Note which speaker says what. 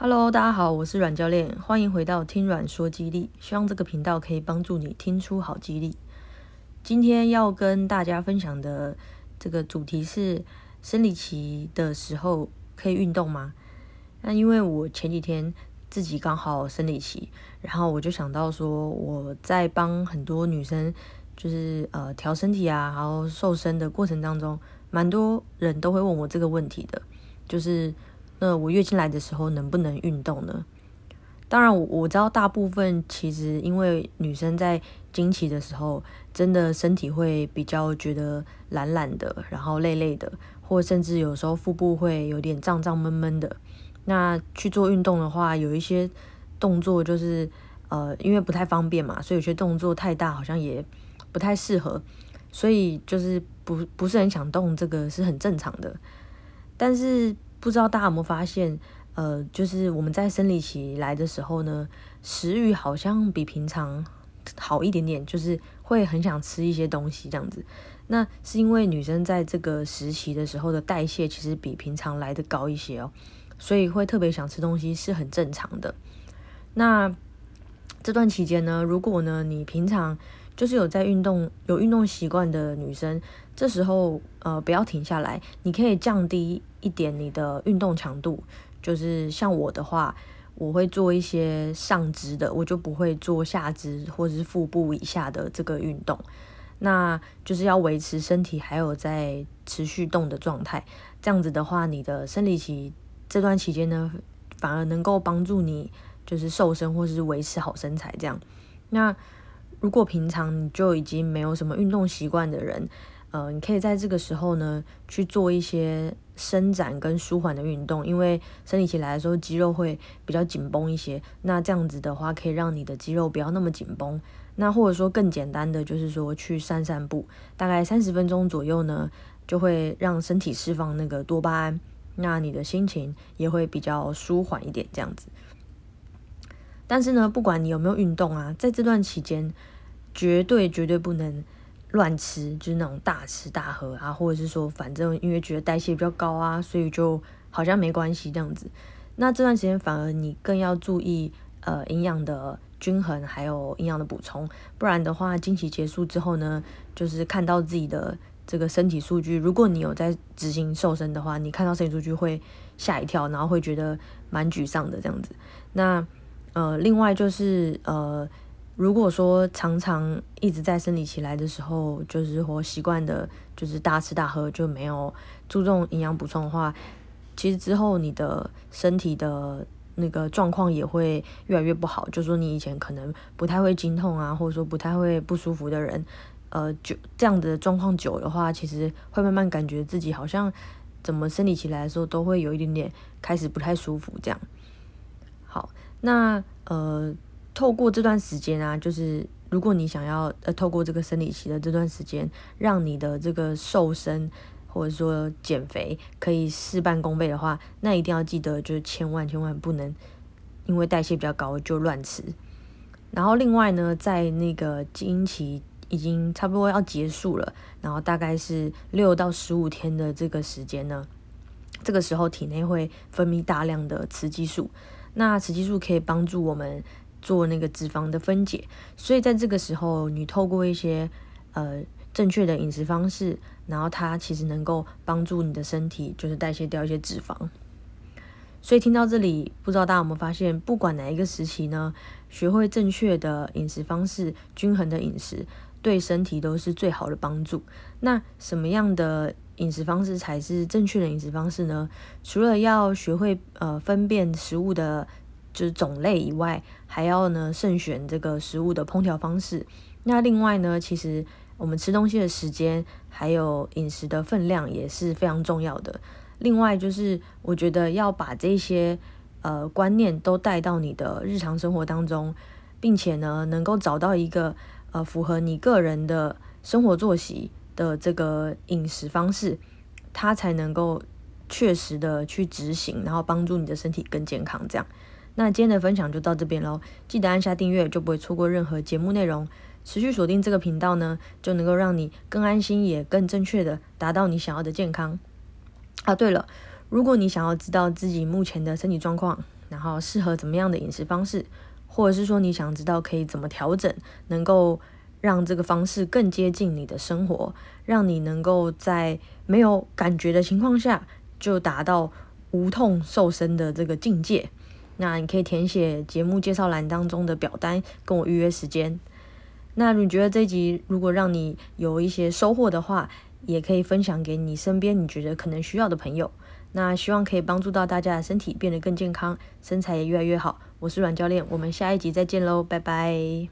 Speaker 1: 哈嘍，Hello, 大家好，我是阮教練，歡迎回到聽阮說肌力。希望這個頻道可以幫助你聽出好肌力。今天要跟大家分享的這個主題是生理期的時候可以運動嗎？那因為我前幾天自己剛好生理期，然後我就想到說，我在幫很多女生就是呃調身體啊，然後瘦身的過程當中，蠻多人都會問我這個問題的，就是。那我月經來的時候能不能運動呢？當然我，我我知道大部分其實因為女生在經期的時候，真的身體會比較覺得懶懶的，然後累累的，或甚至有時候腹部會有點脹脹悶悶的。那去做運動的話，有一些動作就是呃，因為不太方便嘛，所以有些動作太大好像也不太適合，所以就是不不是很想動，這個是很正常的，但是。不知道大家有沒有發現，呃，就是我們在生理期來的時候呢，食欲好像比平常好一點點，就是會很想吃一些東西這樣子。那是因為女生在這個時期的時候的代謝其實比平常來得高一些哦，所以會特別想吃東西是很正常的。那這段期間呢，如果呢，你平常，就是有在運動、有運動習慣的女生，這時候呃不要停下來，你可以降低一點你的運動強度。就是像我的話，我會做一些上肢的，我就不會做下肢或是腹部以下的這個運動。那就是要維持身體還有在持續動的狀態。這樣子的話，你的生理期這段期間呢，反而能夠幫助你就是瘦身或是維持好身材這樣。那。如果平常你就已經沒有什麼運動習慣的人，呃，你可以在這個時候呢去做一些伸展跟舒緩的運動，因為生理期來的時候肌肉會比較緊繃一些，那這樣子的話可以讓你的肌肉不要那麼緊繃。那或者說更簡單的就是說去散散步，大概三十分鐘左右呢就會讓身體釋放那個多巴胺，那你的心情也會比較舒緩一點，這樣子。但是呢，不管你有沒有運動啊，在這段期間，絕對絕對不能亂吃，就是那種大吃大喝啊，或者是說，反正因為覺得代謝比較高啊，所以就好像沒關係這樣子。那這段時間反而你更要注意，呃，營養的均衡，還有營養的補充，不然的話，經期結束之後呢，就是看到自己的這個身體數據，如果你有在執行瘦身的話，你看到身體數據會嚇一跳，然後會覺得蠻沮喪的這樣子。那。呃，另外就是呃，如果說常常一直在生理期來的時候，就是活習慣的，就是大吃大喝，就沒有注重營養補充的話，其實之後你的身體的那個狀況也會越來越不好。就是說你以前可能不太會經痛啊，或者說不太會不舒服的人，呃，就這樣子的狀況久的話，其實會慢慢感覺自己好像怎麼生理期來的時候都會有一點點開始不太舒服這樣。那呃，透過這段時間啊,就是如果你想要呃，透過這個生理期的這段時間，讓你的這個瘦身或者說減肥可以事半功倍的話，那一定要記得就是千萬千萬不能因為代謝比較高就亂吃。然後另外呢，在那個經期已經差不多要結束了，然後大概是六到十五天的這個時間呢，這個時候體內會分泌大量的雌激素。那雌激素可以幫助我們做那個脂肪的分解，所以在這個時候，你透過一些呃正確的飲食方式，然後它其實能夠幫助你的身體，就是代謝掉一些脂肪。所以聽到這裡，不知道大家有沒有發現，不管哪一個時期呢，學會正確的飲食方式，均衡的飲食，對身體都是最好的幫助。那什麼樣的飲食方式才是正確的飲食方式呢？除了要學會呃分辨食物的就是種類以外，還要呢慎選這個食物的烹調方式。那另外呢，其實我們吃東西的時間還有飲食的分量也是非常重要的。另外就是，我覺得要把這些呃觀念都帶到你的日常生活當中，並且呢能夠找到一個呃符合你個人的生活作息。的這個飲食方式，它才能夠確實的去執行，然後幫助你的身體更健康。這樣，那今天的分享就到這邊嘍。記得按下訂閱，就不會錯過任何節目內容。持續鎖定這個頻道呢，就能夠讓你更安心，也更正確的達到你想要的健康。啊，對了，如果你想要知道自己目前的身體狀況，然後適合怎麼樣的飲食方式，或者是說你想知道可以怎麼調整，能夠讓這個方式更接近你的生活，讓你能夠在沒有感覺的情況下就達到無痛瘦身的這個境界。那你可以填寫節目介紹欄當中的表單，跟我預約時間。那你覺得這一集如果讓你有一些收穫的話，也可以分享給你身邊你覺得可能需要的朋友。那希望可以幫助到大家的身體變得更健康，身材也越來越好。我是阮教練，我們下一集再見嘍，拜拜。